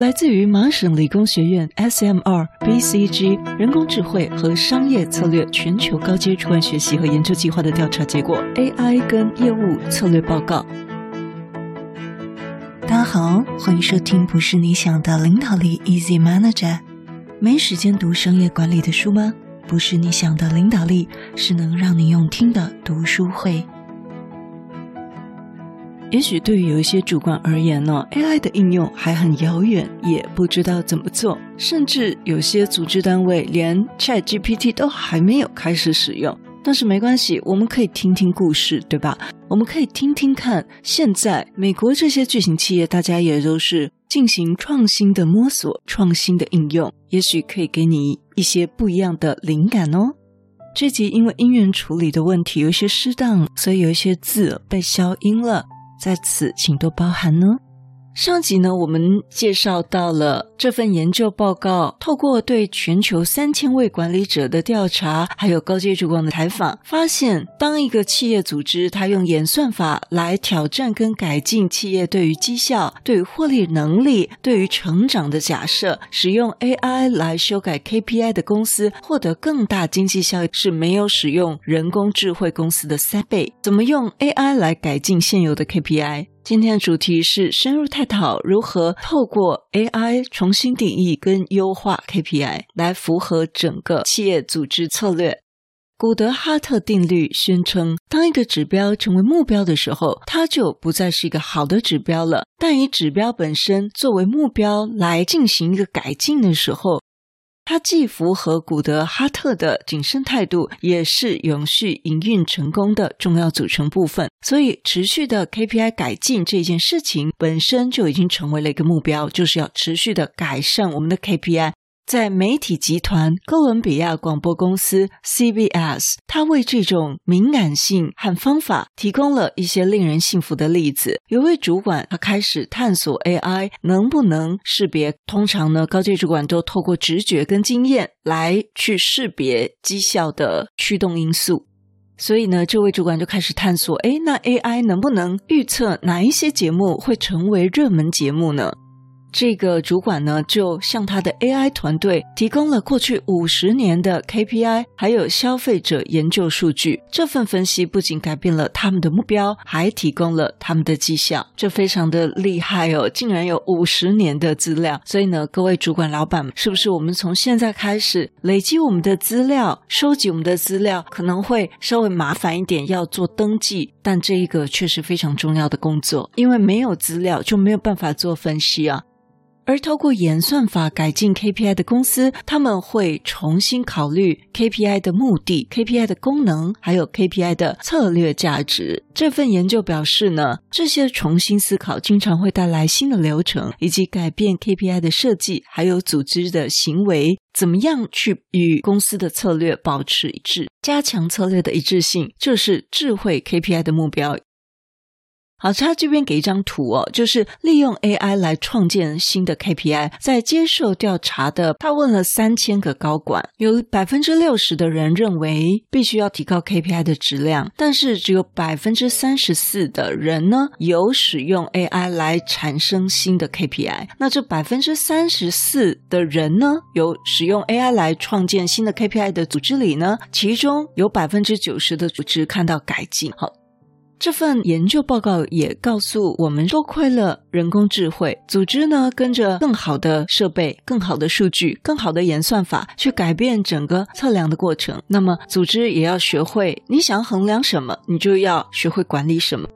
來自於麻省理工學院 SMR BCG 人工智慧和商業策略全球高階主管學習和研究計劃的調查結果 AI 跟業務策略報告。大家好，歡迎收聽不是你想的領導力 Easy Manager。沒時間讀商業管理的書嗎？不是你想的領導力，是能讓你用聽的讀書會。也許對於有一些主管而言呢，AI 的應用還很遙遠，也不知道怎麼做，甚至有些組織單位連 ChatGPT 都還沒有開始使用。但是沒關係，我們可以聽聽故事，對吧？我們可以聽聽看，現在美國這些巨型企業，大家也都是進行創新的摸索，創新的應用，也許可以給你一些不一樣的靈感哦。這集因為音源處理的問題，有一些失當，所以有一些字被消音了。在此，請多包涵呢。上集呢，我們介紹到了這份研究報告，透過對全球三千位管理者的調查，還有高階主管的採訪，發現當一個企業組織它用演算法來挑戰跟改進企業對於績效、對於獲利能力、對於成長的假設，使用 AI 來修改 KPI 的公司，獲得更大經濟效益是沒有使用人工智慧公司的三倍。怎麼用 AI 來改進現有的 KPI？今天的主題是深入探討如何透過 AI 重新定義跟優化 KPI，來符合整個企業組織策略。古德哈特定律宣稱，當一個指標成為目標的時候，它就不再是一個好的指標了。但以指標本身作為目標來進行一個改進的時候，它既符合古德哈特的謹慎態度，也是永續營運成功的重要組成部分。所以，持續的 KPI 改進這件事情本身就已經成為了一個目標，就是要持續的改善我們的 KPI。在媒體集團哥倫比亞廣播公司 CBS，他為這種敏感性和方法提供了一些令人信服的例子。有位主管，他開始探索 AI 能不能識別。通常呢，高級主管都透過直覺跟經驗來去識別績效的驅動因素。所以呢，這位主管就開始探索：哎，那 AI 能不能預測哪一些節目會成為熱門節目呢？這個主管呢，就向他的 AI 團隊提供了過去五十年的 KPI，還有消費者研究數據。這份分析不僅改變了他們的目標，還提供了他們的績效，這非常的厲害哦！竟然有五十年的資料。所以呢，各位主管、老板們，是不是我們從現在開始累積我們的資料，收集我們的資料？可能會稍微麻煩一點，要做登記，但這一個確實非常重要的工作，因為沒有資料就沒有辦法做分析啊。而透過演算法改進 KPI 的公司，他們會重新考慮 KPI 的目的、KPI 的功能，還有 KPI 的策略價值。這份研究表示呢，這些重新思考經常會帶來新的流程，以及改變 KPI 的設計，還有組織的行為，怎麼樣去與公司的策略保持一致，加強策略的一致性，就是智慧 KPI 的目標。好，他這邊給一張圖哦，就是利用 AI 來創建新的 KPI。在接受調查的，他問了三千個高管，有百分之六十的人認為必須要提高 KPI 的質量，但是只有百分之三十四的人呢有使用 AI 來產生新的 KPI。那這百分之三十四的人呢有使用 AI 來創建新的 KPI 的組織裡呢，其中有百分之九十的組織看到改進。好。這份研究報告也告訴我們，多虧了人工智慧，組織呢跟着更好的設備、更好的數據、更好的演算法去改變整個測量的過程。那麼，組織也要學會，你想衡量什麼，你就要學會管理什麼。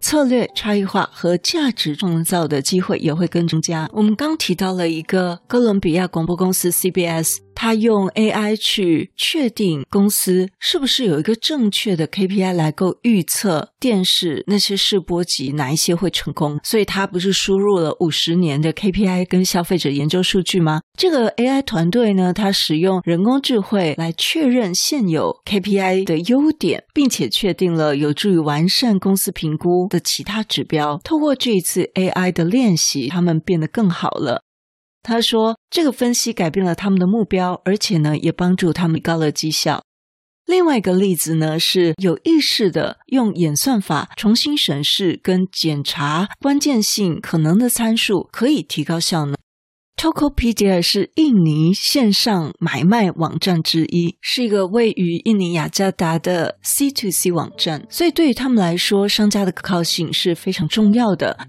策略差異化和價值創造的機會也會更增加。我們剛提到了一個哥倫比亞廣播公司 CBS。他用 AI 去確定公司是不是有一個正確的 KPI 來夠預測電視那些試播集哪一些會成功，所以他不是輸入了五十年的 KPI 跟消費者研究數據嗎？這個 AI 團隊呢，他使用人工智慧來確認現有 KPI 的優點，並且確定了有助於完善公司評估的其他指標。通過這一次 AI 的練習，他們變得更好了。他說：“這個分析改變了他們的目標，而且呢，也幫助他們高了績效。另外一個例子呢，是有意識的用演算法重新審視跟檢查關鍵性可能的參數，可以提高效能。” Tokopedia 是印尼線上買賣網站之一，是一個位於印尼雅加達的 C to C 網站，所以對於他們來說，商家的可靠性是非常重要的。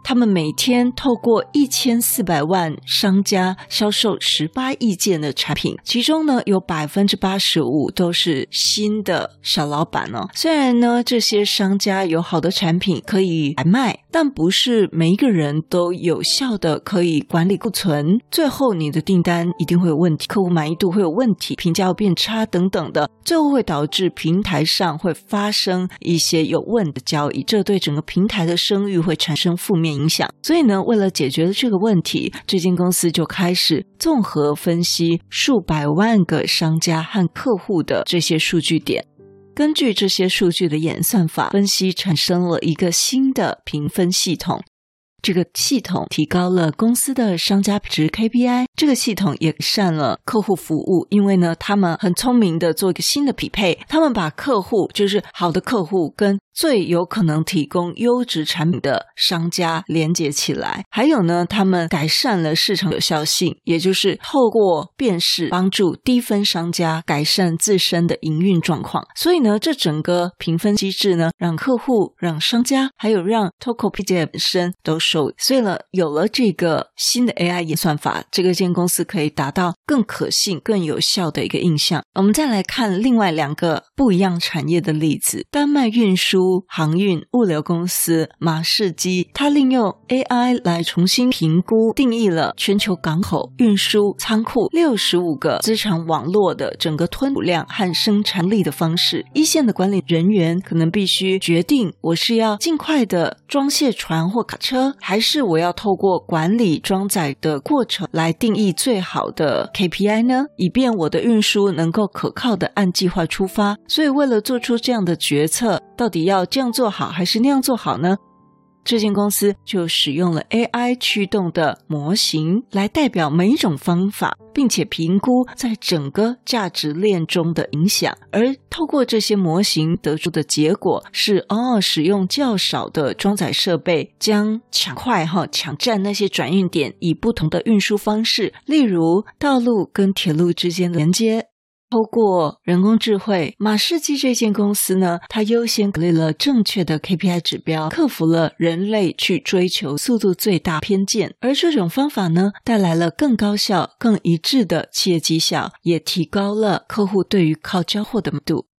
他們每天透過一千四百萬商家銷售十八億件的產品，其中呢有百分之八十五都是新的小老闆呢、哦。雖然呢這些商家有好的產品可以來賣，但不是每一個人都有效的可以管理庫存，最後你的訂單一定會有問題，客戶滿意度會有問題，評價變差等等的，最後會導致平台上會發生一些有問題的交易，這對整個平台的聲譽會產生負面。影響，所以呢，為了解決這個問題，這間公司就開始綜合分析數百萬個商家和客戶的這些數據點，根據這些數據的演算法分析，產生了一個新的評分系統。這個系統提高了公司的商家質 KPI，這個系統也善了客戶服務，因為呢，他們很聰明的做一個新的匹配，他們把客戶就是好的客戶跟，最有可能提供優質產品的商家連接起來，還有呢，他們改善了市場有效性，也就是透過辨識幫助低分商家改善自身的營運狀況。所以呢，這整個評分機制呢，讓客戶、讓商家，還有讓 Tokopedia 本身都受益。所以呢，有了這個新的 AI 演算法，這個間公司可以達到更可信、更有效的一個印象。我們再來看另外兩個不一樣產業的例子：丹麥運輸。航運物流公司馬士基，他利用 AI 來重新評估定義了全球港口、運輸、倉庫六十五個資產網絡的整個吞吐量和生產力的方式。一線的管理人員可能必須決定，我是要盡快的裝卸船或卡車，還是我要透過管理裝載的過程來定義最好的 KPI 呢？以便我的運輸能夠可靠地按計劃出發。所以，為了做出這樣的決策。到底要這樣做好還是那樣做好呢？這間公司就使用了 AI 驅動的模型來代表每一種方法，並且評估在整個價值鏈中的影響。而透過這些模型得出的結果是，偶爾使用較少的裝載設備，將搶快哈搶佔那些轉運點，以不同的運輸方式，例如道路跟鐵路之間的連接。透過人工智慧，馬士基這間公司呢，它優先考慮了正確的 KPI 指標，克服了人類去追求速度最大偏見，而這種方法呢，帶來了更高效、更一致的企業績效，也提高了客戶對於靠交貨的滿意度。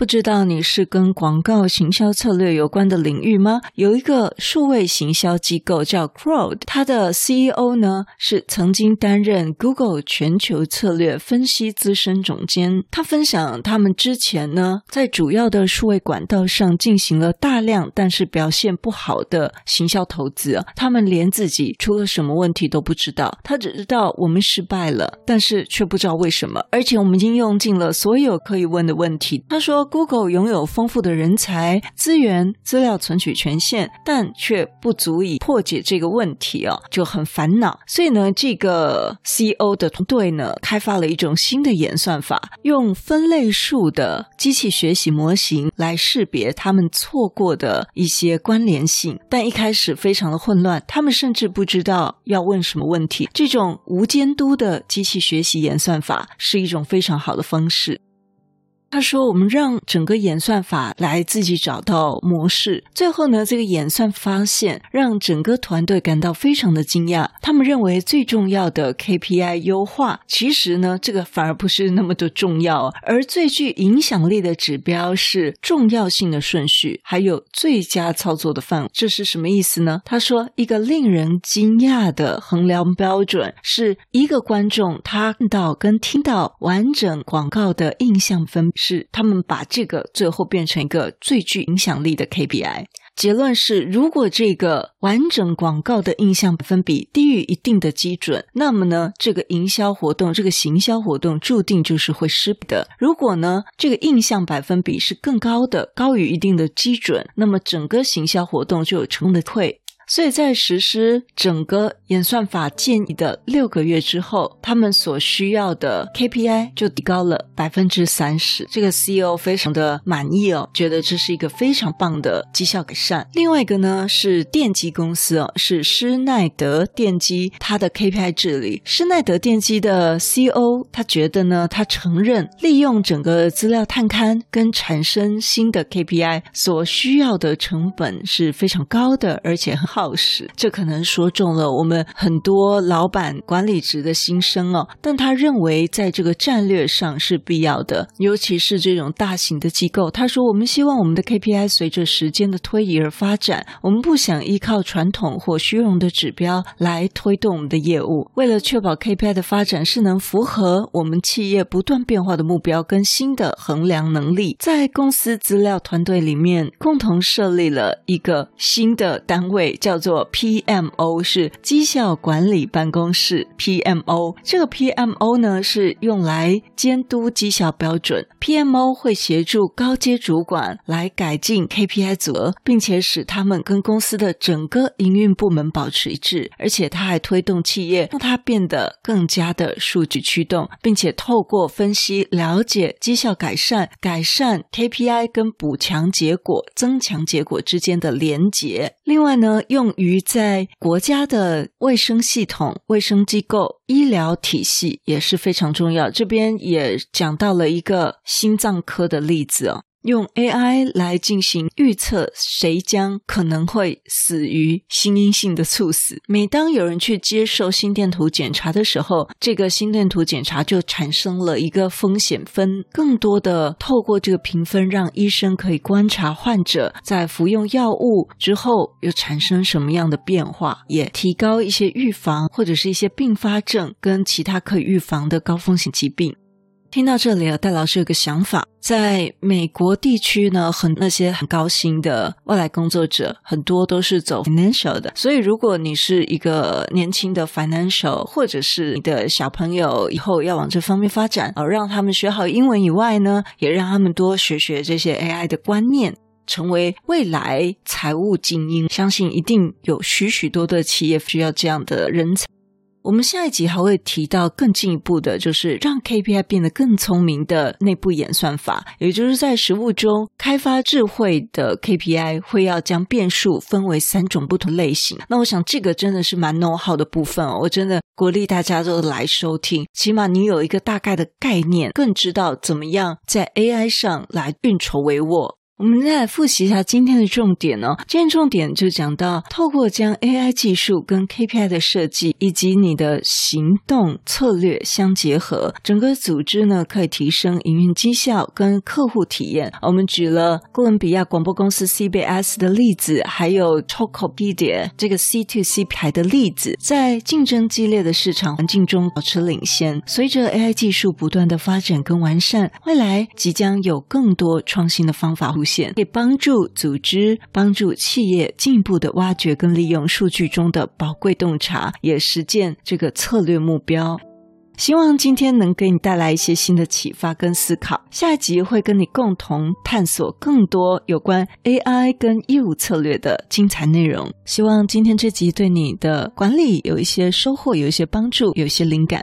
不知道你是跟廣告行銷策略有關的領域嗎？有一個數位行銷機構叫 Croud，他的 CEO 呢，是曾經擔任 Google 全球策略分析資深總監。他分享他們之前呢，在主要的數位管道上進行了大量但是表現不好的行銷投資。他們連自己出了什麼問題都不知道。他只知道我們失敗了，但是卻不知道為什麼，而且我們已經用盡了所有可以問的問題。他說。Google 擁有豐富的人才、資源、資料存取權限，但卻不足以破解這個問題哦，就很煩惱。所以呢，這個 CEO 的團隊呢，開發了一種新的演算法，用分類樹的機器學習模型來識別他們錯過的一些關聯性，但一開始非常的混亂，他們甚至不知道要問什麼問題。這種無監督的機器學習演算法是一種非常好的方式。他說：“我們讓整個演算法來自己找到模式，最後呢，這個演算發現讓整個團隊感到非常的驚訝。他們認為最重要的 KPI 優化，其實呢，這個反而不是那麼的重要。而最具影響力的指標是重要性的順序，還有最佳操作的範圍。這是什麼意思呢？他說，一個令人驚訝的衡量標準是一個觀眾他看到跟聽到完整廣告的印象分別。”是他們把這個最後變成一個最具影響力的 KPI。結論是，如果這個完整廣告的印象百分比低於一定的基準，那麼呢，這個營銷活動、這個行銷活動注定就是會失敗的。如果呢，這個印象百分比是更高的，高於一定的基準，那麼整個行銷活動就有成功的退。所以在實施整個演算法建議的六個月之後，他們所需要的 KPI 就提高了百分之三十。這個 CEO 非常的滿意哦，覺得這是一個非常棒的績效改善。另外一個呢是電機公司哦，是施耐德電機，他的 KPI 治理。施耐德電機的 CEO 他覺得呢，他承認利用整個資料探勘跟產生新的 KPI 所需要的成本是非常高的，而且很好。鑰匙，這可能說中了我們很多老板管理職的心聲哦。但他認為，在這個戰略上是必要的，尤其是這種大型的機構。他說：“我們希望我們的 KPI 隨着時間的推移而發展，我們不想依靠傳統或虛榮的指標來推動我們的業務。為了確保 KPI 的發展是能符合我們企業不斷變化的目標跟新的衡量能力，在公司資料團隊裡面共同設立了一個新的單位叫。”叫做 P M O 是績效管理辦公室 P M O 這個 P M O 呢是用來監督績效標準 P M O 會協助高階主管來改進 K P I 組合，並且使他們跟公司的整個營運部門保持一致。而且它還推動企業讓它變得更加的數據驅動，並且透過分析了解績效改善、改善 K P I 跟補強結果、增強結果之間的連結。另外呢。用於在國家的衛生系統、衛生機構、醫療體系也是非常重要，這邊也講到了一個心臟科的例子哦。用 AI 來進行預測，誰將可能會死於心因性的猝死。每當有人去接受心電圖檢查的時候，這個心電圖檢查就產生了一個風險分。更多的透過這個評分，讓醫生可以觀察患者在服用藥物之後又產生什麼樣的變化，也提高一些預防或者是一些併發症跟其他可以預防的高風險疾病。聽到這裡啊，戴老師有個想法，在美國地區呢，很那些很高薪的外來工作者，很多都是走 financial 的。所以，如果你是一個年輕的 financial，或者是你的小朋友以後要往這方面發展，而、啊、讓他們學好英文以外呢，也讓他們多學學這些 AI 的觀念，成為未來財務精英。相信一定有許許多多的企業需要這樣的人才。我們下一集還會提到更進一步的，就是讓 KPI 變得更聰明的內部演算法，也就是在實務中開發智慧的 KPI，會要將變數分為三種不同類型。那我想這個真的是蠻 know-how 的部分哦，我真的鼓勵大家都來收聽，起碼你有一個大概的概念，更知道怎麼樣在 AI 上來運籌帷幄。我們再來複習一下今天的重點哦。今天重點就講到，透過將 AI 技術跟 KPI 的設計以及你的行動策略相結合，整個組織呢可以提升營運績效跟客戶體驗。我們舉了哥倫比亞廣播公司 CBS 的例子，還有 Tokopedia 這個 C2C 牌的例子，在競爭激烈的市場環境中保持領先。隨着 AI 技術不斷的發展跟完善，未來即將有更多創新的方法出現。可以幫助組織、幫助企業進一步的挖掘，跟利用數據中的寶貴洞察，也實現這個策略目標。希望今天能給你帶來一些新的啟發跟思考。下一集會跟你共同探索更多有關 AI 跟業務策略的精彩內容。希望今天這集對你的管理有一些收穫，有一些幫助，有一些靈感。